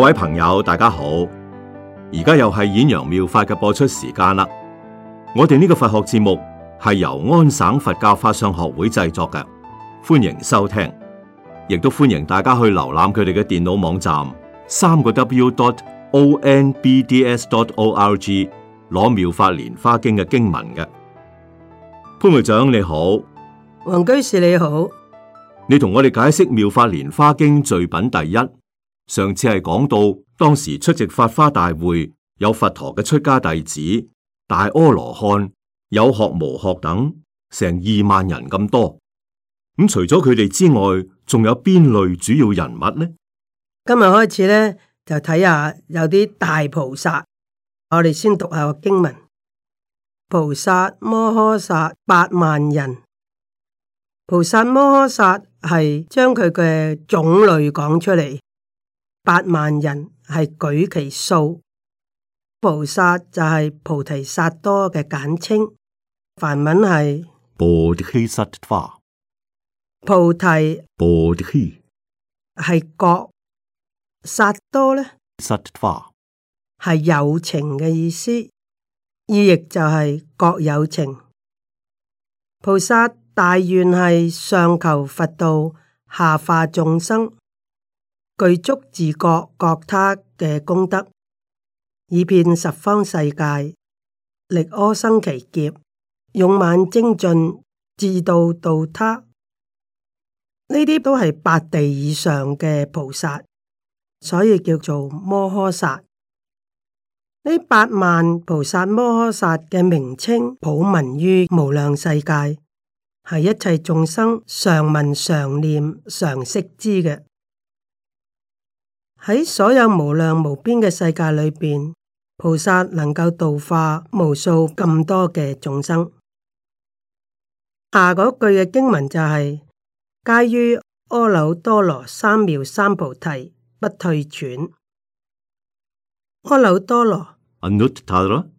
各位朋友，大家好！而家又係演揚妙，妙法嘅播出時間啦。我哋呢個佛學節目係由安省佛教法相學會製作嘅，歡迎收聽，亦都歡迎大家去瀏覽佢哋嘅電腦網站，三個 W dot O N B D S dot O R G 攞妙法蓮花經嘅經文嘅。潘會長你好，黃居士你好，你同我哋解釋妙法蓮花經序品第一。上次係講到，當時出席法花大會有佛陀嘅出家弟子大阿羅漢，有學無學等，成二萬人咁多。咁、嗯、除咗佢哋之外，仲有邊類主要人物呢？今日開始呢，就睇下有啲大菩薩。我哋先讀下個經文：菩薩摩訶薩八萬人。菩薩摩訶薩係將佢嘅種類講出嚟。八萬人係舉其數，菩薩就係菩提薩埵嘅簡稱，梵文係菩提薩埵，菩提係覺，薩埵咧，薩埵係有情嘅意思，意譯就係覺有情。菩薩大願係上求佛道，下化眾生。具足自覺覺他嘅功德，以遍十方世界力柯生其劫，勇猛精進自度度他，呢啲都係八地以上嘅菩薩，所以叫做摩訶薩。呢八萬菩薩摩訶薩嘅名稱普聞於無量世界，係一切眾生常聞常念常識知嘅。喺所有無量無邊嘅世界裏邊，菩薩能夠度化無數咁多嘅眾生。下、啊、句嘅經文就係、是，皆於阿耨多羅三藐三菩提不退轉。阿耨多羅，阿耨多羅，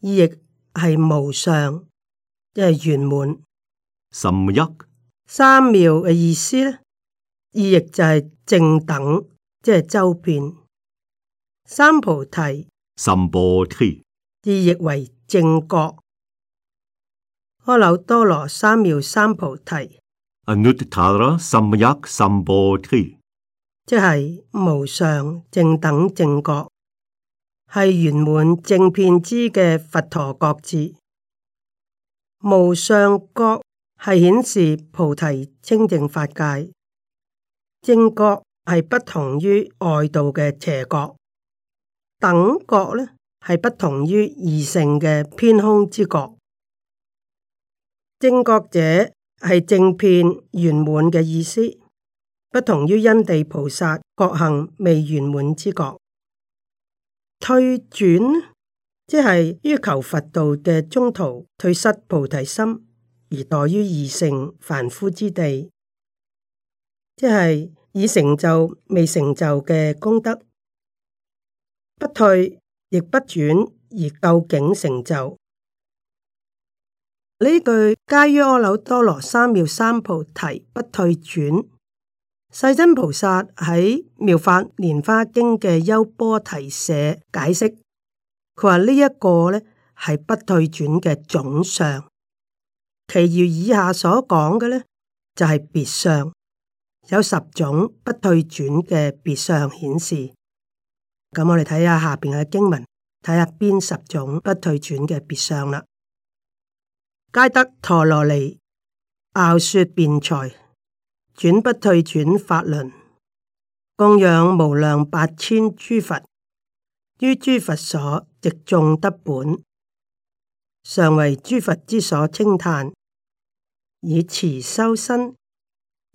意譯係無上，即係圓滿。三一 y 三藐嘅意思咧，意譯就係正等。即係周遍三菩提，三菩提譯為正覺阿耨多羅三藐三菩提，阿耨多羅三藐三菩提即係無上正等正覺，係圓滿正遍知嘅佛陀國智無上覺係顯示菩提清淨法界正覺。係不同於外道嘅邪覺，等覺咧，係不同於二乘嘅偏空之覺。正覺者係正遍圓滿嘅意思，不同於因地菩薩覺行未圓滿之覺。退轉即係於求佛道嘅中途退失菩提心而待於二乘凡夫之地，即係。以成就未成就嘅功德，不退亦不轉而究竟成就。呢句皆於阿耨多羅三藐三菩提不退轉。世親菩薩喺妙法蓮花經嘅優波提舍解釋，佢話呢一個呢係不退轉嘅總相，其餘以下所講嘅呢，就係別相。有十種不退轉嘅別相顯示，咁我哋睇下下邊嘅經文，睇下邊十種不退轉嘅別相啦。皆得陀羅尼，樂說辯才，轉不退轉法輪，供養無量百千諸佛，於諸佛所，植眾德本，常為諸佛之所稱歎，以慈修身。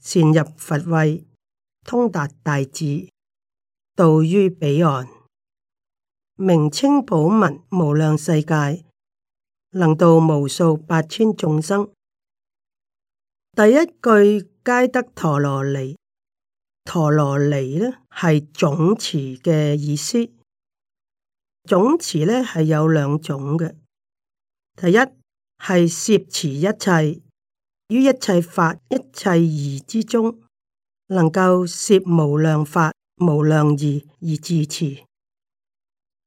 善入佛慧，通達大智，到於彼岸，名稱普聞，無量世界，能度無數百千眾生。第一句皆得陀羅尼，陀羅尼呢係總持嘅意思，總持呢係有兩種嘅，第一係攝持一切。.於一切法一切義之中，能夠攝無量法無量義而自持。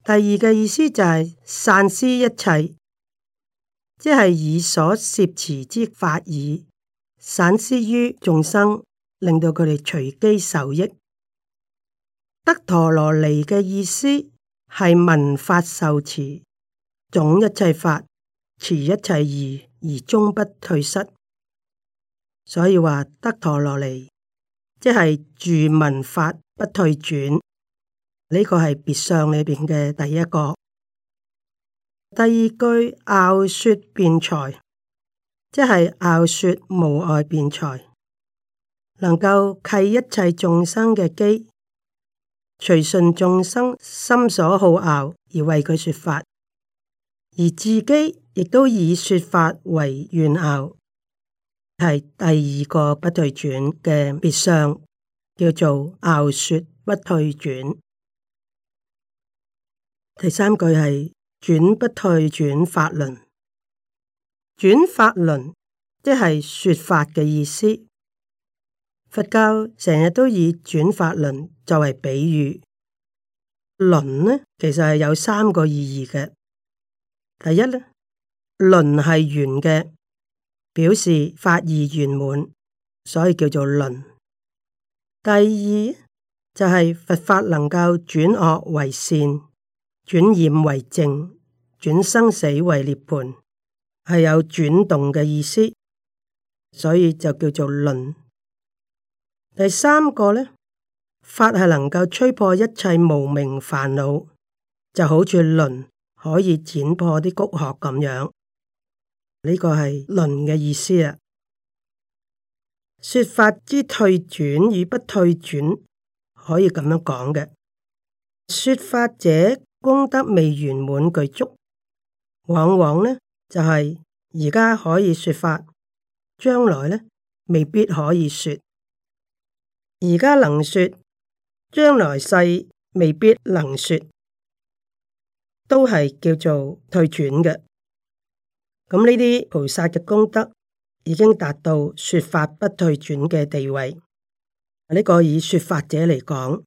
第二嘅意思就係、是、散施一切，即係以所攝持之法而散施於眾生，令到佢哋隨機受益。得陀羅尼嘅意思係聞法受持，總一切法，持一切義，而終不退失。所以話得陀羅尼，即係住文法不退轉，呢個係別相裏邊嘅第一個。第二句拗說辯才，即係拗說無礙辯才，能夠契一切眾生嘅機，隨順眾生心所好拗而為佢說法，而自己亦都以說法為願拗，係第二個不退轉嘅別相，叫做樂說不退轉。第三句係轉不退轉法輪，轉法輪即係說法嘅意思。佛教成日都以轉法輪作為比喻。輪呢，其實係有三個意義嘅。第一呢，輪係圓嘅。表示法義圓滿，所以叫做輪。第二就係、是、佛法能夠轉惡為善，轉染為淨，轉生死為涅槃，係有轉動嘅意思，所以就叫做輪。第三個咧，法係能夠吹破一切無名煩惱，就好似輪可以剪破啲谷殼咁樣。呢個係論嘅意思啊！說法之退轉與不退轉，可以咁樣講嘅。說法者功德未圓滿具足，往往呢就係而家可以說法，將來呢未必可以說。而家能說，將來世未必能說，都係叫做退轉嘅。咁呢啲菩薩嘅功德已經達到說法不退轉嘅地位。呢個以說法者嚟講，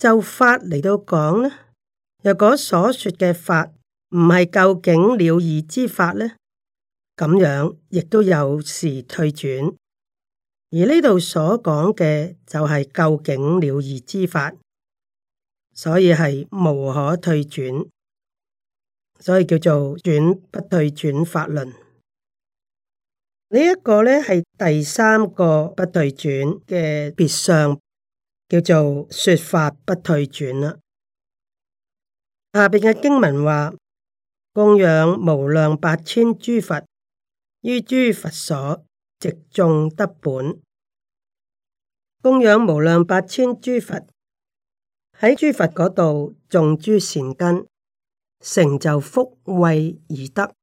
就法嚟到講咧，若果所說嘅法唔係究竟了義之法呢，咁樣亦都有時退轉。而呢度所講嘅就係究竟了義之法，所以係無可退轉。所以叫做轉不退轉法輪，呢一個呢，係第三個不退轉嘅別相，叫做說法不退轉啦。下邊嘅經文話：供養無量百千諸佛，於諸佛所植眾德本。供養無量百千諸佛，喺諸佛嗰度種諸善根。成就福慧而得，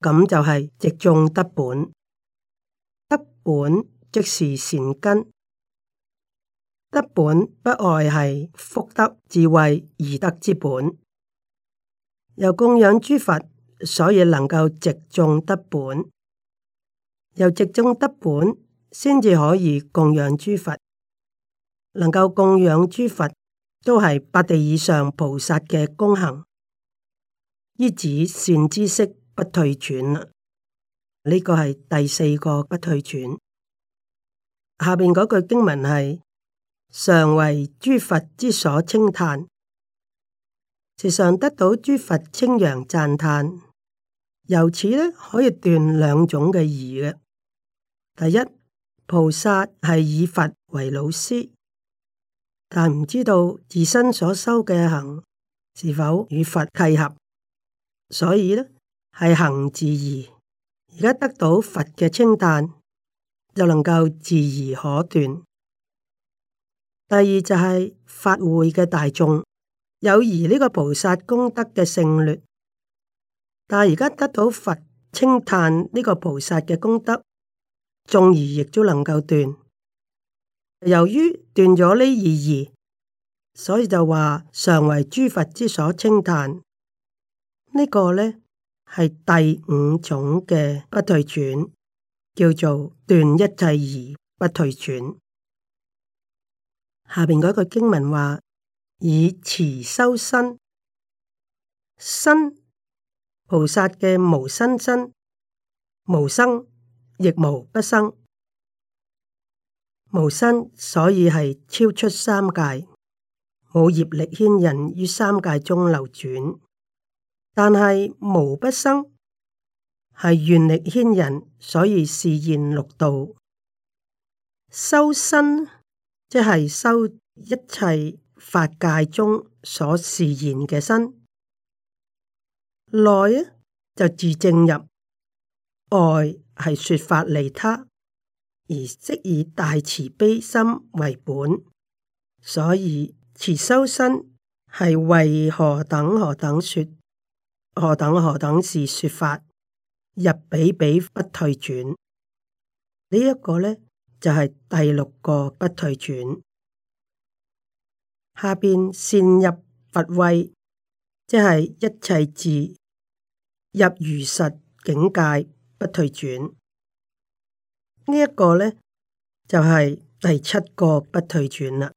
咁就係植眾德本。德本即是善根，德本不外係福德智慧而得之本。有供養諸佛，所以能夠植眾德本。有植眾德本，先至可以供養諸佛。能夠供養諸佛，都係八地以上菩薩嘅功行。依止善知識不退轉呢，這個係第四個不退轉。下邊嗰句經文係常為諸佛之所稱歎，時常得到諸佛稱揚讚歎。由此呢，可以斷兩種嘅疑嘅。第一，菩薩係以佛為老師，但唔知道自身所修嘅行是否與佛契合。所以呢，係行自疑，而家得到佛嘅稱嘆，就能夠自疑可斷。第二就係、是、法會嘅大眾有疑呢個菩薩功德嘅勝劣，但係而家得到佛稱嘆呢個菩薩嘅功德，眾疑亦都能夠斷。由於斷咗呢二疑，所以就話常為諸佛之所稱嘆。個呢個咧係第五種嘅不退轉，叫做斷一切疑不退轉。下邊嗰句經文話：以慈修身，身菩薩嘅無身身，無生亦無不生，無身，所以係超出三界，冇業力牽引於三界中流轉。但係無不生，係願力牽人，所以示現六道。修身，即係修一切法界中所示現嘅身。內就自正入愛，係說法利他而即以大慈悲心為本，所以持修身係為何等何等說。何等何等是說法，入比比不退轉。呢、這、一個呢，就係、是、第六個不退轉。下邊善入佛威，即係一切智「入如實境界不退轉。呢、這、一個呢，就係、是、第七個不退轉啦。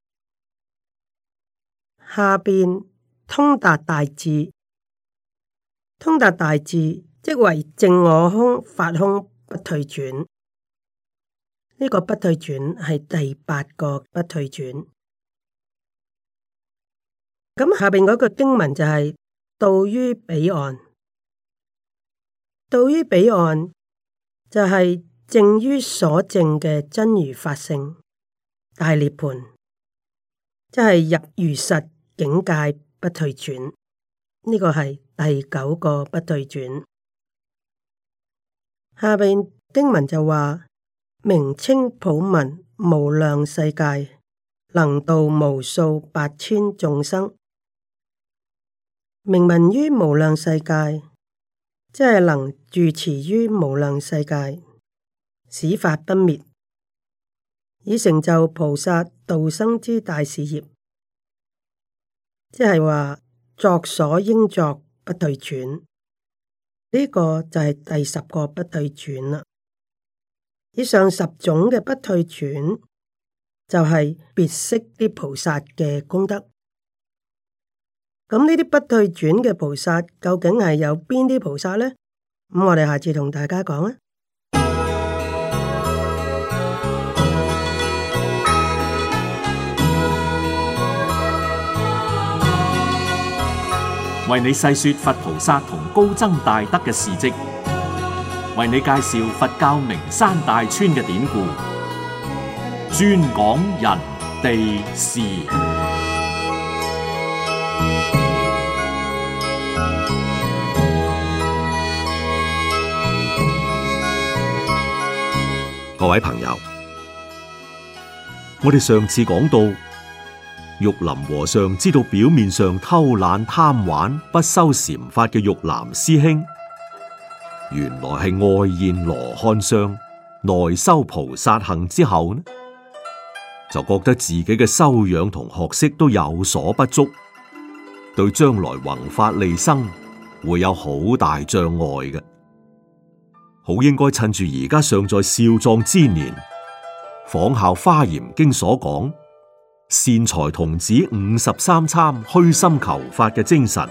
下邊通達大智。通達大智，即為正我空、法空不退轉。呢、這個不退轉係第八個不退轉。咁下邊嗰個經文就係、是、到於彼岸，到於彼岸就係、是、正於所證嘅真如法性大涅盤，即、就、係、是、入如實境界不退轉。呢個係第九個不對轉。下邊經文就話：明清普文無量世界，能度無數百千眾生。明文於無量世界，即係能住持於無量世界，使法不滅，以成就菩薩度生之大事業。即係話。作所應作不退轉，呢、呢個就係第十個不退轉啦。以上十種嘅不退轉，就係別識啲菩薩嘅功德。咁呢啲不退轉嘅菩薩，究竟係有邊啲菩薩呢？咁我哋下次同大家講啊。為你細說佛菩薩同高僧大德嘅事跡，為你介紹佛教名山大川嘅典故，專講人地事。各位朋友，我哋上次講到。玉林和尚知道表面上偷懶貪玩、不修禪法嘅玉林師兄，原來係外現羅漢相，內修菩薩行之後呢，就覺得自己嘅修養同學識都有所不足，對將來宏法利生會有好大障礙嘅，好應該趁住而家尚在少壯之年，仿效《華嚴經》所講，善財童子五十三參，虛心求法嘅精神，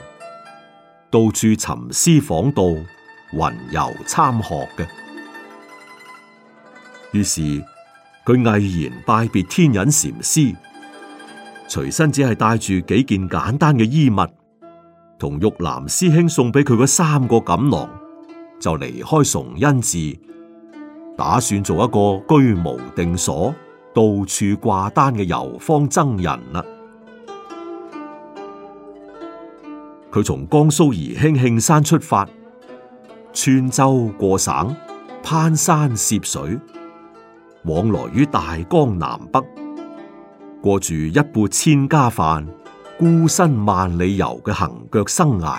到處尋師訪道，雲遊參學嘅。於是佢毅然拜別天隱禪師，隨身只係帶住幾件簡單嘅衣物，同玉蘭師兄送俾佢嗰三個錦囊，就離開崇恩寺，打算做一個居無定所，到處掛單嘅遊方僧人啦、啊，佢從江蘇宜興慶山出發，穿州過省，攀山涉水，往來於大江南北，過住一缽千家飯，孤身萬里遊嘅行腳生涯。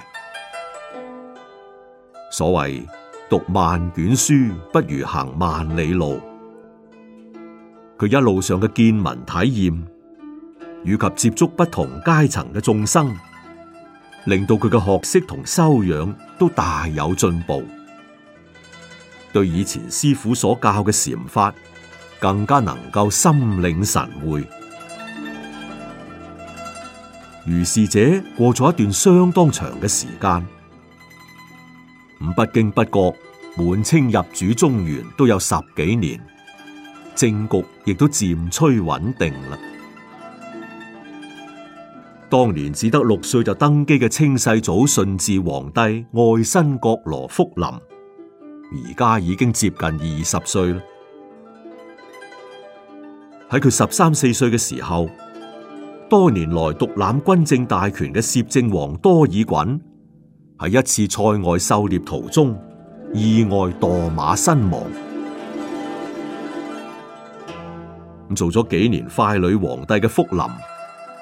所謂讀萬卷書，不如行萬里路。佢一路上嘅見聞體驗，以及接觸不同階層嘅眾生，令到佢嘅學識同修養都大有進步，對以前師父所教嘅禪法更加能夠心領神會。如是者過咗一段相當長嘅時間，唔不經不覺，滿清入主中原都有十幾年。政局亦都漸趨穩定啦。當年只得六歲就登基嘅清世祖順治皇帝愛新覺羅福臨，而家已經接近二十歲啦。喺佢十三四歲嘅時候，多年來獨攬軍政大權嘅攝政王多爾袞，喺一次塞外狩獵途中意外墮馬身亡。做咗幾年傀儡皇帝嘅福臨，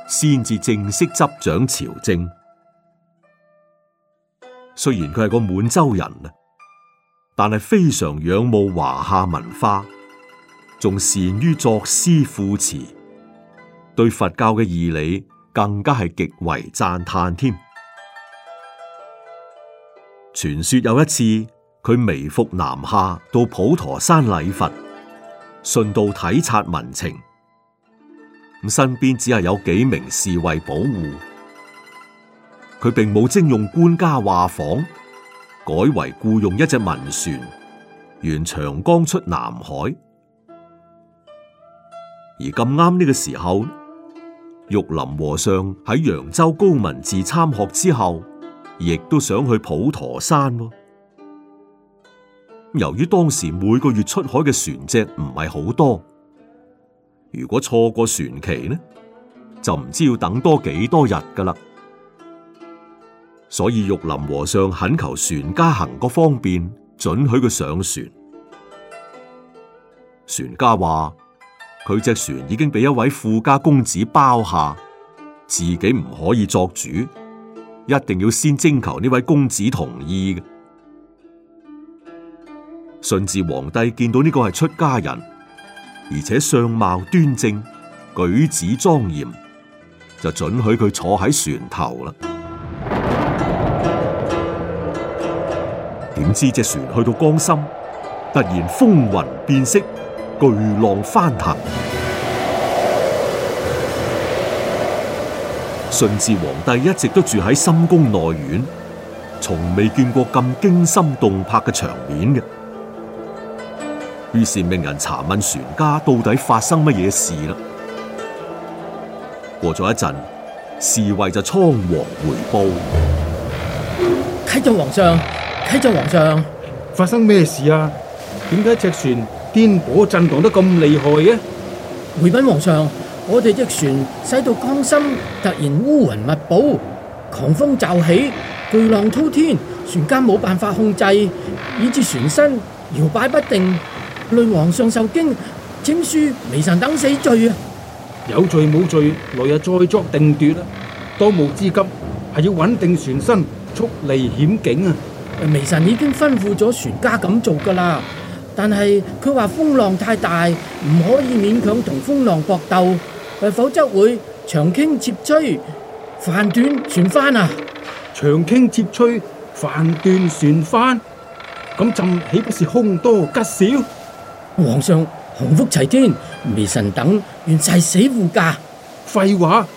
先至正式執掌朝政。雖然佢係個滿洲人，但係非常仰慕華夏文化，仲善於作詩賦詞，對佛教嘅義理更加係極為讚嘆添。傳說有一次，佢微服南下到普陀山禮佛。順道體察民情，身邊只係有幾名侍衛保護，佢並冇徵用官家畫舫，改為雇用一隻民船，沿長江出南海。而咁啱呢個時候，玉林和尚喺揚州高文寺參學之後，亦都想去普陀山。由於當時每個月出海嘅船隻唔係好多，如果錯過船期呢，就唔知要等多幾多日噶啦。所以玉林和尚懇求船家行個方便，准許佢上船。船家話：佢隻船已經俾一位富家公子包下，自己唔可以作主，一定要先徵求呢位公子同意。順治皇帝見到呢個係出家人，而且相貌端正，舉止莊嚴，就准許佢坐喺船頭啦。點知隻船去到江心，突然風雲變色，巨浪翻騰。順 治皇帝一直都住喺深宮內院，從未見過咁驚心動魄嘅場面嘅。於是命人查問船家到底發生乜嘢事啦。過咗一陣，侍衛就倉皇回報：啟奏皇上，啟奏皇上，發生咩事啊？點解隻船顛簸震蕩得咁厲害嘅？回禀皇上，我哋隻船駛到江心，突然烏雲密布，狂風驟起，巨浪滔天，船家冇辦法控制，以致船身搖擺不定。累皇上受驚，請恕微臣等死罪啊！有罪冇罪，來日再作定奪啦。當務之急係要穩定船身，速離險境啊！微臣已經吩咐咗船家咁做噶啦，但係佢話風浪太大，唔可以勉強同風浪搏鬥，否則會檣傾楫摧，帆斷船翻啊！檣傾楫摧，帆斷船翻，咁朕豈不是凶多吉少？皇上洪福齊天，微臣等願誓死護駕。廢話，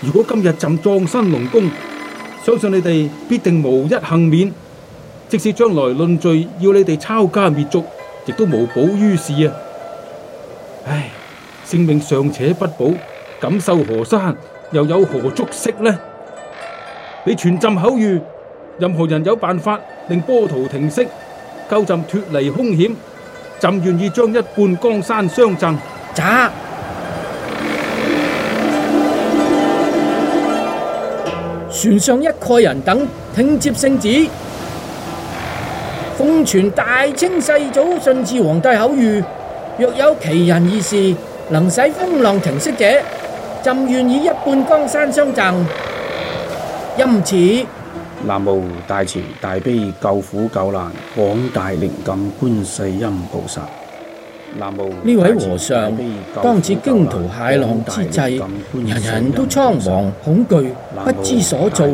如果今日朕葬身龍宮，相信你哋必定無一幸免。即使將來論罪，要你哋抄家滅族，亦都無補於事啊！唉，性命尚且不保，錦繡河山又有何足惜呢？你傳朕口諭，任何人有辦法令波濤停息，救朕脫離凶險。朕願意將一半江山相贈。喳！船上一概人等聽接聖旨，奉傳大清世祖順治皇帝口諭：若有奇人異士能使風浪停息者，朕願以一半江山相贈。因此。南無大慈大悲救苦救難廣大靈感觀世音菩薩。南無大慈大悲救苦救難廣大靈感觀世音菩薩。呢位和尚，當此驚濤駭浪之際，人人都倉皇恐懼，不知所措。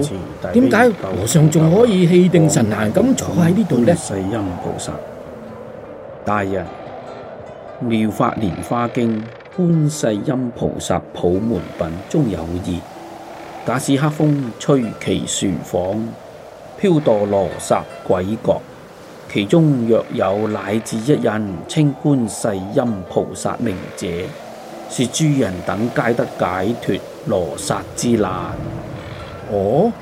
點解和尚仲可以氣定神閒咁坐喺呢度呢？觀世音菩薩，大人妙法蓮花經，觀世音菩薩普門品中有意。假使黑風吹其船舫，飄墮羅刹鬼國，其中若有乃至一人稱觀世音菩薩名者，是諸人等皆得解脱羅刹之難。哦，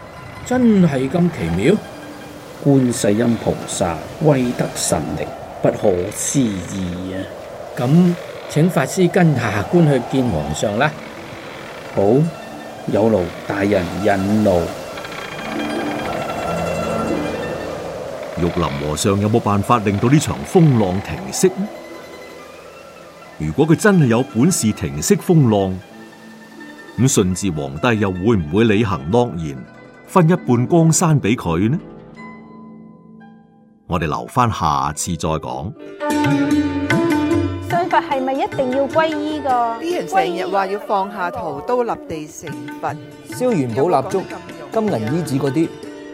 真係咁奇妙！觀世音菩薩威德神力不可思議啊！咁、哦，請法師跟下官去見皇上啦。好。有勞，大人引路。玉林和尚有冇辦法令到呢場風浪停息呢？如果佢真係有本事停息風浪，咁順治皇帝又會唔會履行諾言，分一半江山俾佢呢？我哋留翻下次再講。係咪一定要皈依噶？啲人成日話要放下屠刀立地成佛，燒元寶蠟燭、金銀衣紙嗰啲，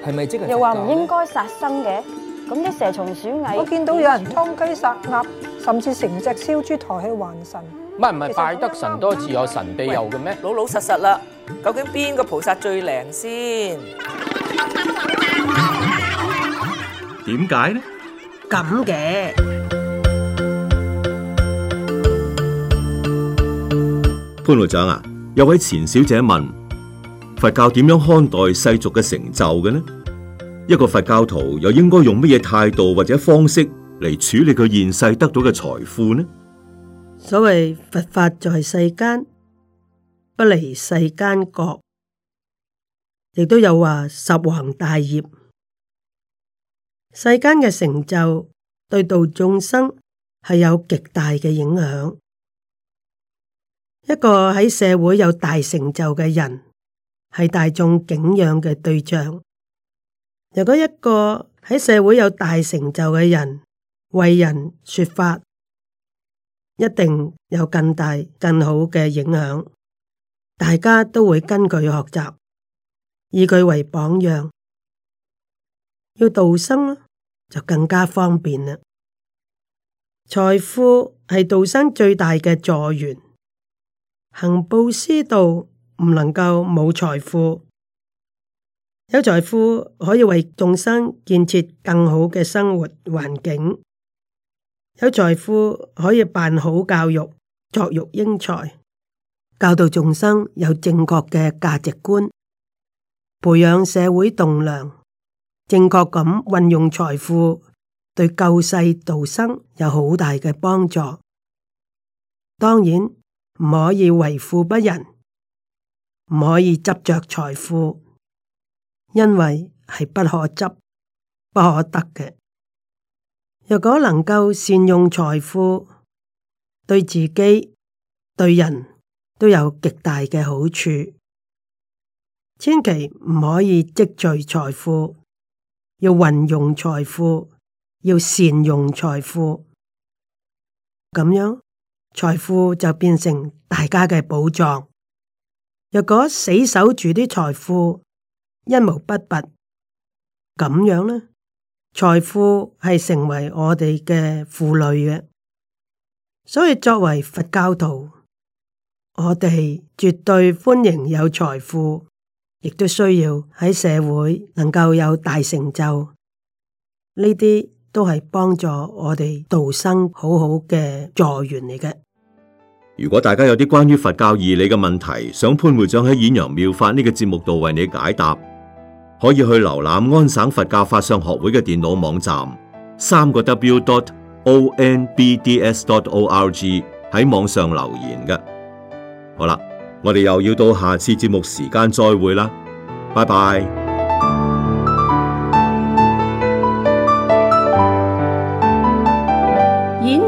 係咪即係？又話唔應該殺生嘅，咁啲蛇蟲鼠蟻，我見到有人劏雞殺鴨，甚至成隻燒豬抬去還神。唔係唔係，拜得神多自有神庇佑嘅咩？老老實實啦，究竟邊個菩薩最靈先？點解呢？咁嘅。潘老長啊，有位錢小姐問：佛教點樣看待世俗嘅成就嘅呢？一個佛教徒又應該用乜嘢態度或者方式嚟處理佢現世得到嘅財富呢？所謂佛法在世間，不離世間覺，亦都有話十行大業。世間嘅成就對度眾生係有極大嘅影響。一個喺社會有大成就嘅人，係大眾敬仰嘅對象。如果一個喺社會有大成就嘅人為人說法，一定有更大更好嘅影響，大家都會跟佢學習，以佢為榜樣，要道生、啊、就更加方便啦。財富係道生最大嘅助緣。行布施道唔能夠冇財富，有財富可以為眾生建設更好嘅生活環境，有財富可以辦好教育、作育英才，教導眾生有正確嘅價值觀，培養社會棟樑，正確咁運用財富，對救世度生有好大嘅幫助。當然。唔可以為富不仁，唔可以執着財富，因為係不可執、不可得嘅。若果能夠善用財富，對自己、對人都有極大嘅好處。千祈唔可以積聚財富，要運用財富，要善用財富，咁樣。財富就變成大家嘅寶藏。若果死守住啲財富，一毛不拔，咁樣呢？財富係成為我哋嘅負累嘅。所以作為佛教徒，我哋絕對歡迎有財富，亦都需要喺社會能夠有大成就呢啲。都係幫助我哋道生好好嘅助緣嚟嘅。如果大家有啲關於佛教義理嘅問題，想潘會長喺《演陽妙法》呢個節目度為你解答，可以去瀏覽安省佛教法相學會嘅電腦網站，三個 W dot O N B D S dot O R G 喺網上留言嘅。好啦，我哋又要到下次節目時間再會啦，拜拜。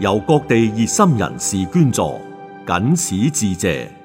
由各地熱心人士捐助，謹此致謝。